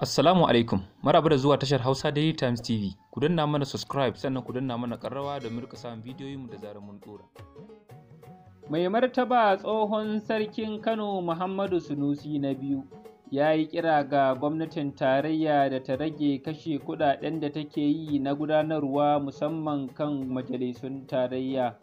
Assalamu alaikum, maraba da zuwa tashar Hausa Daily Times TV. Ku danna mana subscribe sannan ku danna mana karrawa da rika samun bidiyoyinmu da zarar mun dora. Mai martaba tsohon sarkin Kano Muhammadu Sunusi na biyu ya yi kira ga gwamnatin tarayya da ta rage kashe kudaden da take yi na gudanarwa musamman kan majalisun tarayya.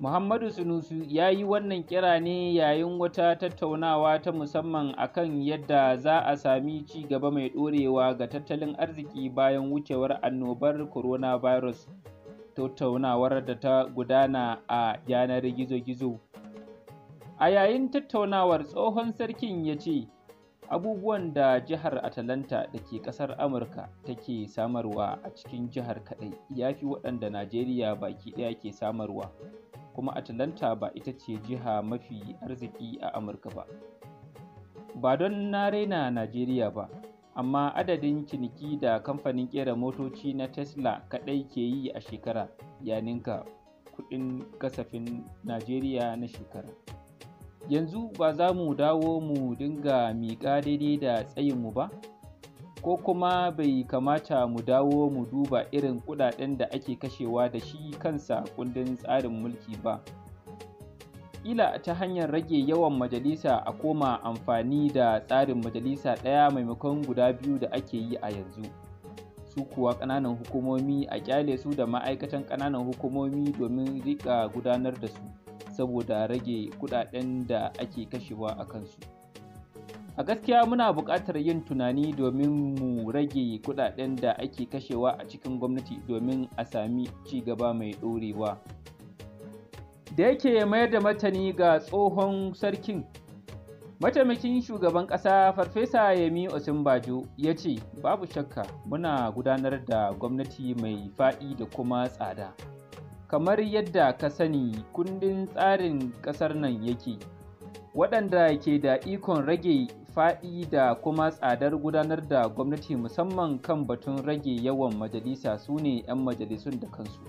Muhammadu Sunusu ya yi wannan kira ne yayin wata tattaunawa ta musamman a kan yadda za a sami ci gaba mai ɗorewa ga tattalin arziki bayan wucewar annobar coronavirus. Tattaunawar da ta gudana a yanar gizo-gizo. A yayin tattaunawar tsohon sarkin ya ce, abubuwan da jihar atalanta da ke kasar amurka take samarwa a cikin jihar kadai ya fi waɗanda najeriya baki ɗaya ke samarwa kuma atalanta ba ita ce jiha mafi arziki a amurka ba ba don na raina najeriya ba amma adadin ciniki da kamfanin kera motoci na tesla kadai ke yi a shekara ya ninka kudin kasafin najeriya na shekara yanzu ba za mu dawo mu dinga miƙa daidai da tsayinmu ba? Ko kuma bai kamata mu dawo mu duba irin kuɗaɗen da ake kashewa da shi kansa kundin tsarin mulki ba? Ila ta hanyar rage yawan majalisa a koma amfani da tsarin majalisa ɗaya maimakon guda biyu da ake yi a yanzu. su kuwa ƙananan hukumomi a kyale su da ma'aikatan ƙananan hukumomi domin riƙa gudanar da su. saboda rage kudaden da ake kashewa a kansu a gaskiya muna buƙatar yin tunani domin mu rage kudaden da ake kashewa a cikin gwamnati domin a sami ci gaba mai ɗorewa da yake mayar da matani ga tsohon sarkin mataimakin shugaban ƙasa farfesa yemi osinbajo ya ce babu shakka muna gudanar da gwamnati mai faɗi da kuma tsada kamar yadda ka sani kundin tsarin ƙasar nan yake waɗanda ke da ikon rage faɗi da kuma tsadar gudanar da gwamnati musamman kan batun rage yawan majalisa su ne 'yan majalisun da kansu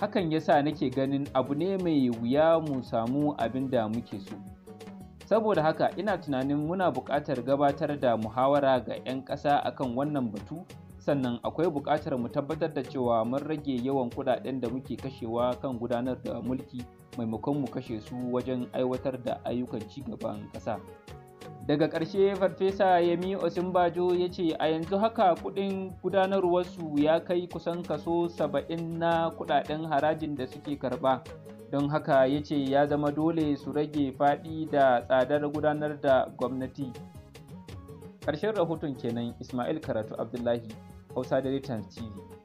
hakan yasa nake ganin abu ne mai wuya mu samu abin da muke so saboda haka ina tunanin muna buƙatar gabatar da muhawara ga 'yan ƙasa akan wannan batu sannan akwai buƙatar mu tabbatar da cewa mun rage yawan kuɗaɗen da muke kashewa kan gudanar da mulki maimakon mu kashe su wajen aiwatar da ayyukan ci gaban ƙasa daga ƙarshe farfesa yemi osinbajo ya ce a yanzu haka kuɗin gudanarwarsu ya kai kusan kaso saba'in na kuɗaɗen harajin da suke karɓa don haka ya ce ya zama dole su rage faɗi da tsadar gudanar da gwamnati ƙarshen rahoton kenan ismail karatu abdullahi outside the daytime TV.